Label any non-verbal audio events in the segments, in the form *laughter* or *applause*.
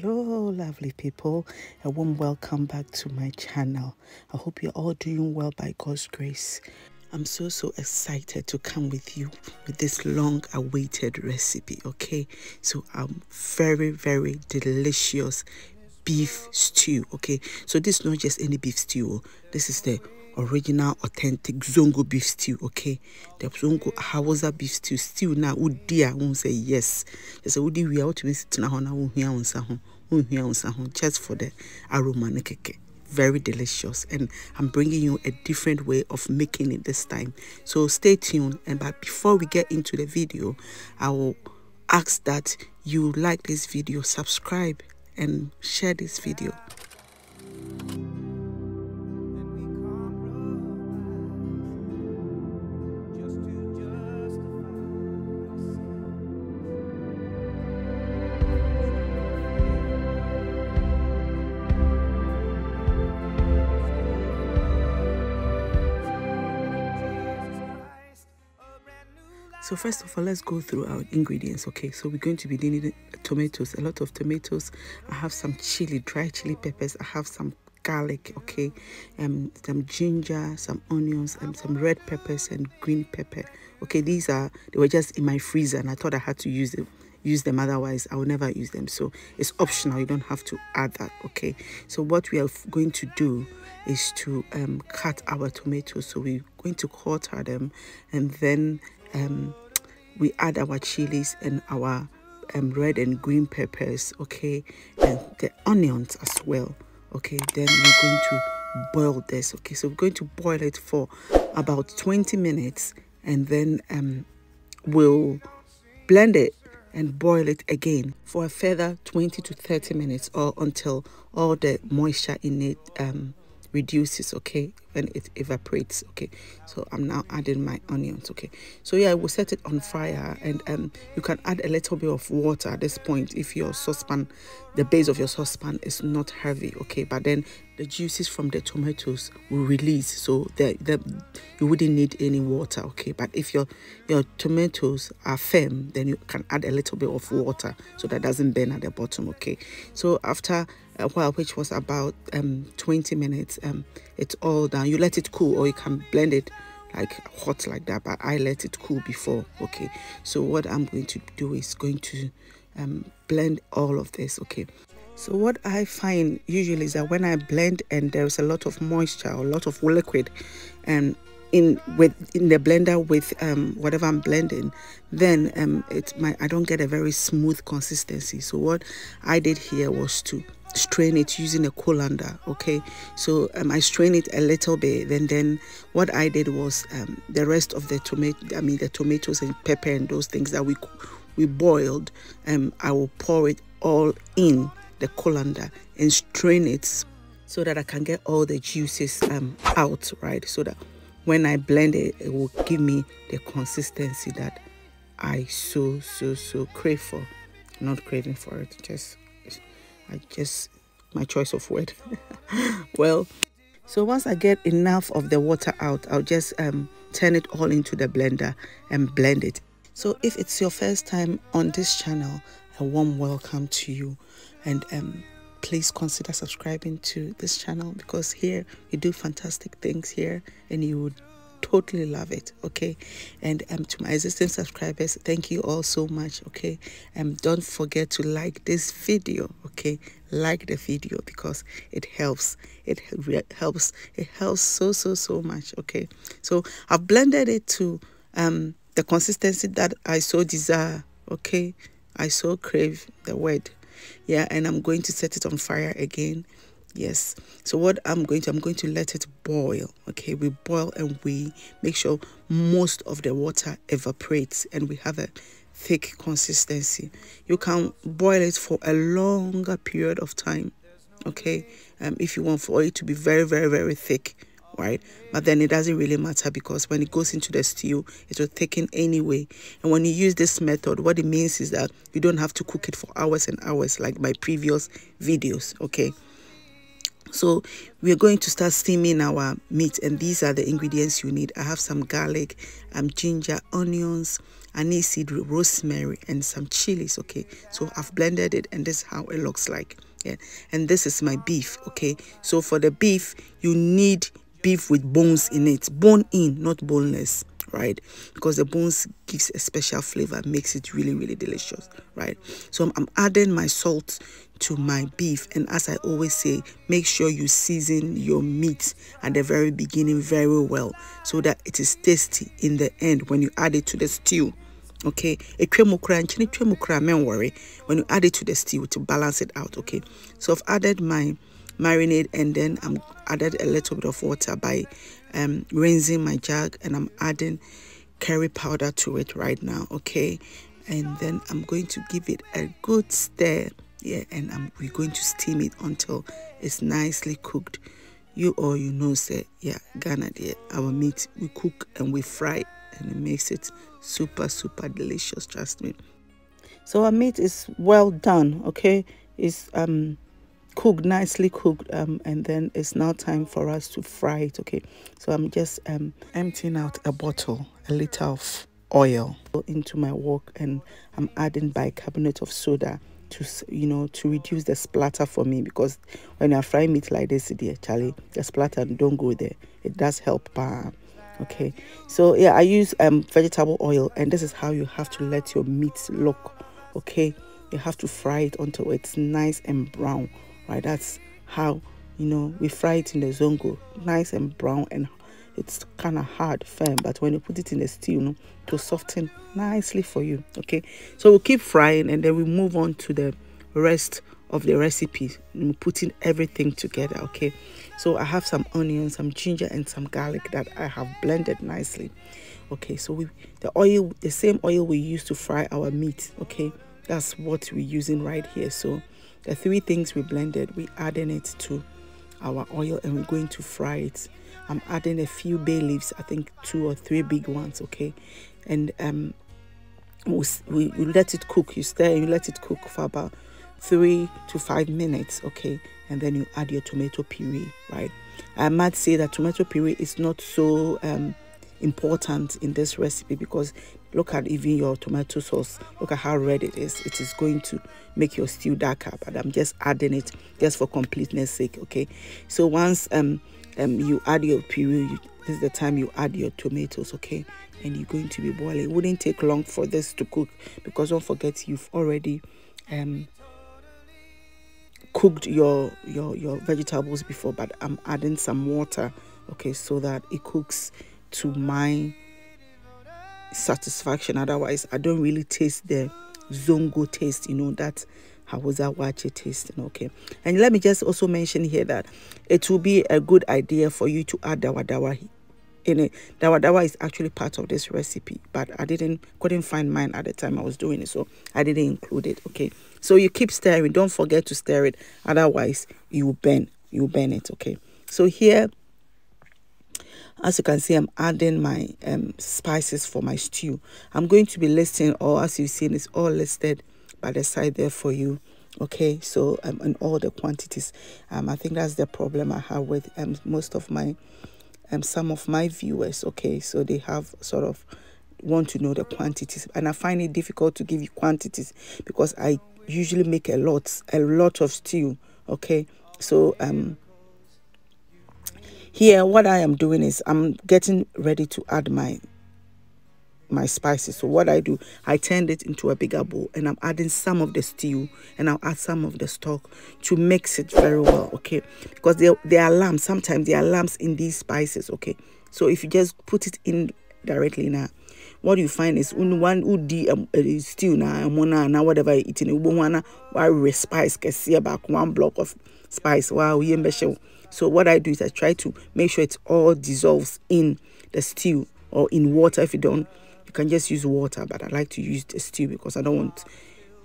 hello lovely people a warm welcome back to my channel i hope you're all doing well by god's grace i'm so so excited to come with you with this long awaited recipe okay so i'm um, very very delicious beef stew okay so this is not just any beef stew oh. this is the original authentic zongo beef stew okay the zongo hausa beef stew stew na wodi won't say yes we are to a wotumi Now, ho now we wo on ho We wo on ho just for the aroma ne very delicious and i'm bringing you a different way of making it this time so stay tuned and but before we get into the video i will ask that you like this video subscribe and share this video So first of all, let's go through our ingredients. Okay, so we're going to be needing tomatoes, a lot of tomatoes. I have some chili, dry chili peppers. I have some garlic okay um some ginger some onions and um, some red peppers and green pepper okay these are they were just in my freezer and i thought i had to use them use them otherwise i will never use them so it's optional you don't have to add that okay so what we are going to do is to um, cut our tomatoes so we're going to quarter them and then um, we add our chilies and our um, red and green peppers okay and the onions as well okay then we're going to boil this okay so we're going to boil it for about 20 minutes and then um, we'll blend it and boil it again for a further 20 to 30 minutes or until all the moisture in it um, reduces okay when it evaporates okay so i'm now adding my onions okay so yeah i will set it on fire and um you can add a little bit of water at this point if your saucepan the base of your saucepan is not heavy okay but then the juices from the tomatoes will release so that you wouldn't need any water okay but if your your tomatoes are firm then you can add a little bit of water so that doesn't burn at the bottom okay so after a while which was about um 20 minutes um it's all done you let it cool or you can blend it like hot like that but i let it cool before okay so what i'm going to do is going to um blend all of this okay so what I find usually is that when I blend and there's a lot of moisture, a lot of liquid, and um, in with in the blender with um, whatever I'm blending, then um, my I don't get a very smooth consistency. So what I did here was to strain it using a colander okay so um, i strain it a little bit then then what i did was um, the rest of the tomato i mean the tomatoes and pepper and those things that we we boiled um i will pour it all in the colander and strain it so that I can get all the juices um, out, right? So that when I blend it, it will give me the consistency that I so, so, so crave for. Not craving for it, just, I just, my choice of word. *laughs* well, so once I get enough of the water out, I'll just um, turn it all into the blender and blend it. So if it's your first time on this channel, a warm welcome to you and um, please consider subscribing to this channel because here we do fantastic things here and you would totally love it okay and um to my existing subscribers thank you all so much okay and um, don't forget to like this video okay like the video because it helps it helps it helps so so so much okay so i've blended it to um the consistency that i so desire okay i so crave the word yeah and i'm going to set it on fire again yes so what i'm going to i'm going to let it boil okay we boil and we make sure most of the water evaporates and we have a thick consistency you can boil it for a longer period of time okay um, if you want for it to be very very very thick right but then it doesn't really matter because when it goes into the stew it will thicken anyway and when you use this method what it means is that you don't have to cook it for hours and hours like my previous videos okay so we're going to start steaming our meat and these are the ingredients you need i have some garlic um ginger onions anise seed rosemary and some chilies okay so i've blended it and this is how it looks like yeah and this is my beef okay so for the beef you need beef with bones in it. Bone in, not boneless, right? Because the bones gives a special flavor, makes it really, really delicious, right? So I'm, adding my salt to my beef. And as I always say, make sure you season your meat at the very beginning very well so that it is tasty in the end when you add it to the stew. Okay, a cremokra and chini cremokra, men worry when you add it to the stew to balance it out. Okay, so I've added my marinade and then I'm added a little bit of water by um, rinsing my jug and I'm adding curry powder to it right now okay and then I'm going to give it a good stir yeah and I'm, we're going to steam it until it's nicely cooked you all you know say yeah Ghana dear our meat we cook and we fry and it makes it super super delicious trust me so our meat is well done okay it's um cooked nicely cooked um, and then it's now time for us to fry it okay so i'm just um, emptying out a bottle a liter of oil into my wok and i'm adding bicarbonate of soda to you know to reduce the splatter for me because when i fry meat like this dear charlie the splatter don't go there it does help uh, okay so yeah i use um vegetable oil and this is how you have to let your meat look okay you have to fry it until it's nice and brown that's how you know we fry it in the zongo, nice and brown, and it's kind of hard, firm. But when you put it in the stew, you know, to soften nicely for you. Okay, so we'll keep frying, and then we move on to the rest of the recipe putting everything together okay so i have some onion some ginger and some garlic that i have blended nicely okay so we the oil the same oil we use to fry our meat okay that's what we're using right here so the three things we blended we adding it to our oil and we're going to fry it i'm adding a few bay leaves i think two or three big ones okay and um we, we, let it cook you stir and you let it cook for about three to five minutes okay and then you add your tomato puree right i might say that tomato puree is not so um important in this recipe because look at even your tomato sauce look at how red it is it is going to make your stew darker but i'm just adding it just for completeness sake okay so once um, um you add your puree you, this is the time you add your tomatoes okay and you're going to be boiling it wouldn't take long for this to cook because don't forget you've already um cooked your your your vegetables before but i'm adding some water okay so that it cooks to my satisfaction. Otherwise, I don't really taste the zongo taste, you know, that Hausa wache taste. Okay. And let me just also mention here that it will be a good idea for you to add dawa dawa in it. Dawa dawa is actually part of this recipe, but I didn't couldn't find mine at the time I was doing it, so I didn't include it. Okay. So you keep stirring. Don't forget to stir it. Otherwise, you burn. You burn it. Okay. So here as you can see i'm adding my um, spices for my stew i'm going to be listing all as you've seen it's all listed by the side there for you okay so um and all the quantities um i think that's the problem i have with um most of my um some of my viewers okay so they have sort of want to know the quantities and i find it difficult to give you quantities because i usually make a lot a lot of stew okay so um here, what I am doing is I'm getting ready to add my my spices. So what I do, I turned it into a bigger bowl and I'm adding some of the stew and I'll add some of the stock to mix it very well, okay? Because there, there are lumps, sometimes there are lumps in these spices, okay? So if you just put it in directly now, what you find is one would the um, stew now, one now whatever you're eating, you want to spice, one block of spice, wow, you so what I do is I try to make sure it all dissolves in the stew or in water. If you don't, you can just use water, but I like to use the stew because I don't want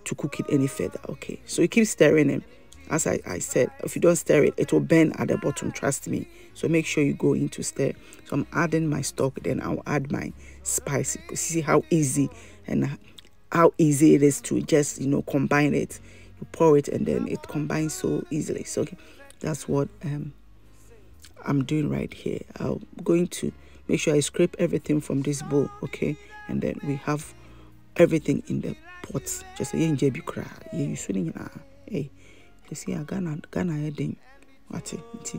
to cook it any further. Okay, so you keep stirring it. As I, I said, if you don't stir it, it will burn at the bottom. Trust me. So make sure you go into stir. So I'm adding my stock, then I'll add my spice. See how easy and how easy it is to just you know combine it you pour it and then it combines so easily so okay that's what um, I'm doing right here. I'm going to make sure I scrape everything from this bowl, okay? And then we have everything in the pots. Just say, yeah, you cry. Yeah, you in. Hey, you see, I gonna heading. What?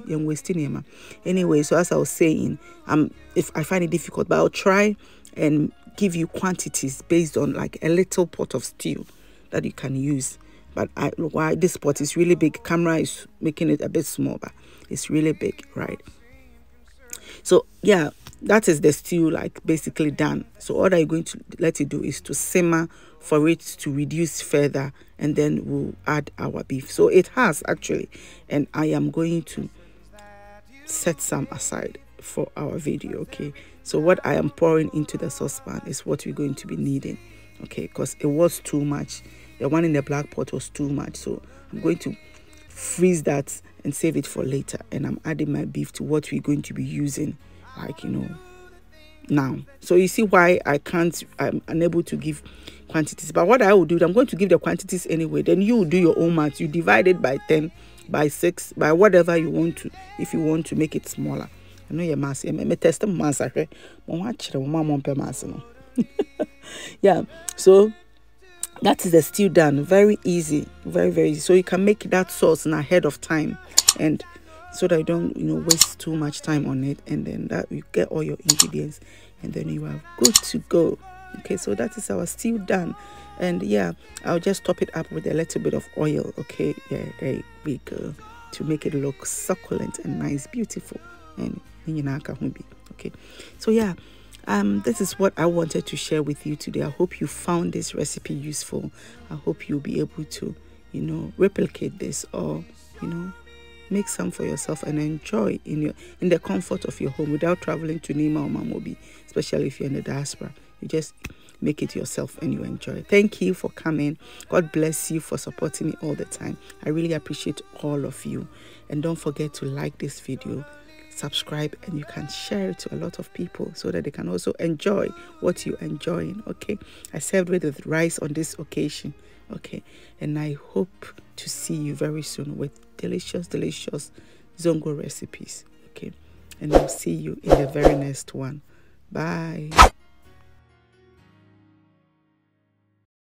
You're wasting Anyway, so as I was saying, um, if I find it difficult, but I'll try and give you quantities based on like a little pot of stew that you can use but I look why this pot is really big. Camera is making it a bit small, but it's really big, right? So yeah, that is the stew like basically done. So all I'm going to let it do is to simmer for it to reduce further and then we'll add our beef. So it has actually and I am going to set some aside for our video okay so what i am pouring into the saucepan is what we're going to be needing okay because it was too much the one in the black pot was too much so i'm going to freeze that and save it for later and i'm adding my beef to what we're going to be using like you know now so you see why i can't i'm unable to give quantities but what i will do i'm going to give the quantities anyway then you do your own math you divide it by 10 by 6 by whatever you want to if you want to make it smaller i know your mass me test mass yeah so that is the still done very easy very very easy. so you can make that sauce in ahead of time and so that you don't you know waste too much time on it and then that you get all your ingredients and then you are good to go okay so that is our stew done and yeah i'll just top it up with a little bit of oil okay yeah there we go to make it look succulent and nice beautiful and okay so yeah um, this is what I wanted to share with you today. I hope you found this recipe useful. I hope you'll be able to, you know, replicate this or, you know, make some for yourself and enjoy in your in the comfort of your home without traveling to Nima or Mamobi, especially if you're in the diaspora. You just make it yourself and you enjoy. Thank you for coming. God bless you for supporting me all the time. I really appreciate all of you. And don't forget to like this video, subscribe and you can share it to a lot of people so that they can also enjoy what you're enjoying okay i served with rice on this occasion okay and i hope to see you very soon with delicious delicious zongo recipes okay and i'll see you in the very next one bye